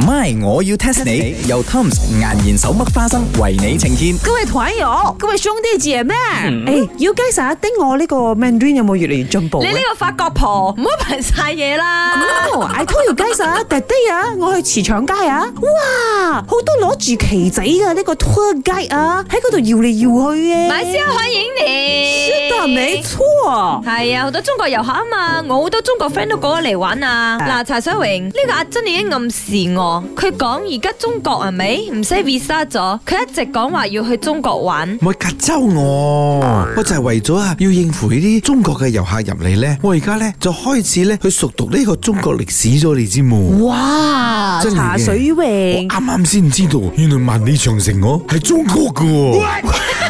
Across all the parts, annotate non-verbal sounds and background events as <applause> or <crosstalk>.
唔係，我要 test 你。由 Tom 斯毅然手剝花生，為你呈現。各位團友，各位兄弟姐妹？誒，You guys 啊，聽我呢個 Mandarin 有冇越嚟越進步？你呢個法國婆唔好扮晒嘢啦。我 call you guys 啊，that day 啊，我去慈祥街啊。哇，好多攞住旗仔嘅呢個 tour 街啊，喺嗰度搖嚟搖去嘅。晚上歡迎你。唔係錯，係啊！好多中國遊客啊嘛，我好多中國 friend 都過嚟玩啊！嗱，茶水榮呢個阿珍已經暗示我，佢講而家中國係咪唔使 visa 咗？佢一直講話要去中國玩，唔係隔周我，我就係為咗啊要應付呢啲中國嘅遊客入嚟咧。我而家咧就開始咧去熟讀呢個中國歷史咗你知冇？哇！茶水榮，我啱啱先知道，原來萬里長城我係中國㗎喎。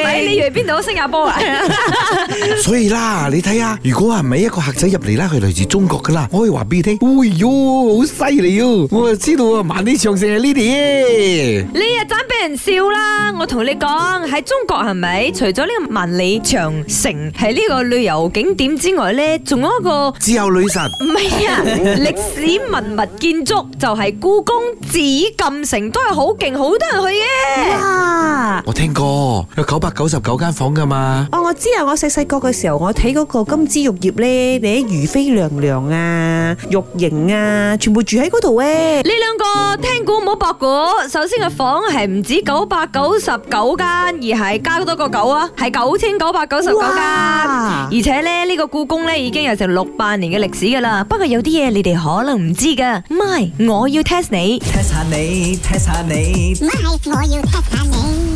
你以為邊度？新加坡啊！所以啦，你睇下，如果係咪一個客仔入嚟啦，佢嚟自中國噶啦，我可以話俾你聽，哎呦，好犀利哦！我就知道啊，萬里長城係呢啲。你又盞俾人笑啦！我同你講，喺中國係咪？除咗呢個萬里長城係呢個旅遊景點之外咧，仲有一個。自由女神。唔係啊，歷史文物建築就係故宮、紫禁城，都係好勁，好多人去嘅。哇！我聽過有九百九。九十九間房噶嘛？哦，我知啊！我細細個嘅時候，我睇嗰個金枝玉葉咧，你喺如妃娘娘啊、玉瑩啊，全部住喺嗰度嘅。呢兩個聽估唔好博估。首先個房係唔止九百九十九間，而係加多個九啊，係九千九百九十九間。而且咧，呢個故宮咧已經有成六百年嘅歷史噶啦。不過有啲嘢你哋可能唔知噶。唔係，我要 test 你，test 下你，test 下你，唔係我要 test 下你。My,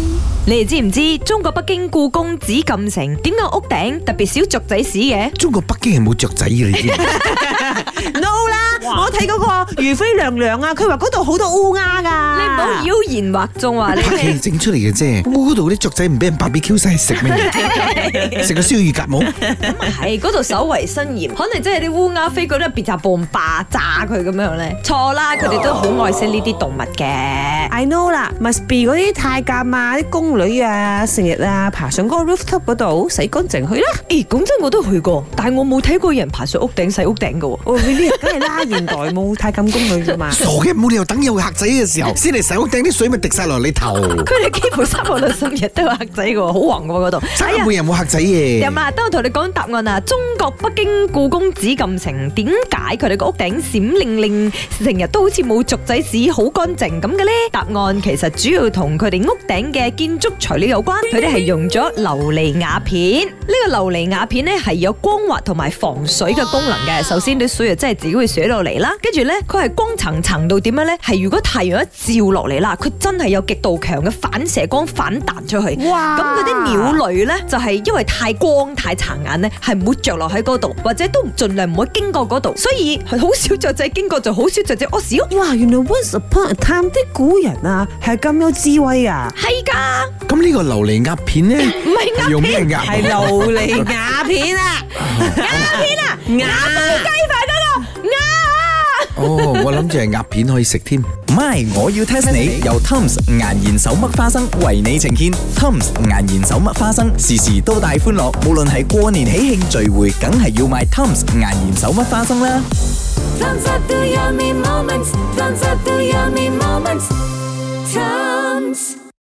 你哋知唔知道中國北京故宮紫禁城點解屋頂特別少雀仔屎嘅？中國北京係冇雀仔嘅，你知 <laughs> ？No 啦，我睇嗰個如妃娘娘啊，佢話嗰度好多烏鴉噶。你唔好妖言惑眾啊！你係整出嚟嘅啫。嗰度啲雀仔唔俾人芭比 Q 晒，食咩嚟？食個燒乳鴿冇？咁啊係，嗰度守衛森嚴，可能真係啲烏鴉飛過都係別插棒霸炸佢咁樣咧。錯啦，佢、oh. 哋都好愛惜呢啲動物嘅。I know 啦，must be 嗰啲太監啊，啲宮。女啊，成日啊爬上嗰個 rooftop 嗰度洗乾淨去啦！咦、欸，講真我都去過，但係我冇睇過有人爬上屋頂洗屋頂嘅。哦，呢啲梗係啦，現代冇太咁攻女咋嘛？傻嘅，冇理由等有客仔嘅時候先嚟洗屋頂，啲水咪滴晒落你頭。佢哋幾乎三日到十日都有客仔嘅，好旺嘅嗰度。三日冇人冇客仔嘅。阿、哎、嘛，等我同你講答案啊！中國北京故宮紫禁城，點解佢哋個屋頂閃令令，成日都好似冇雀仔屎好乾淨咁嘅咧？答案其實主要同佢哋屋頂嘅建築材料有關，佢哋係用咗琉璃瓦片。呢個琉璃瓦片呢，係有光滑同埋防水嘅功能嘅。首先啲水啊真係自己會水落嚟啦，跟住呢，佢係光層層到點樣呢？係如果太陽一照落嚟啦，佢真係有極度強嘅反射光反彈出去。哇！咁嗰啲鳥類呢，就係因為太光太殘眼呢，係唔會着落喺嗰度，或者都盡量唔會經過嗰度，所以好少雀仔經過就好少雀仔屙屎哇！原來 once upon a time 啲古人啊係咁有智慧啊，係噶。咁呢個琉璃鴨片咧，唔係鴨，用咩鴨，係琉璃鴨片啊！鴨片啊，鴨同雞塊嗰個啊！哦，我諗住係鴨片可以食添。唔係，我要 test 你，由 Thumbs 顏然手剝花生為你呈現。Thumbs 顏然手剝花生，時時都帶歡樂，無論係過年喜慶聚會，梗係要買 Thumbs 顏然手剝花生啦。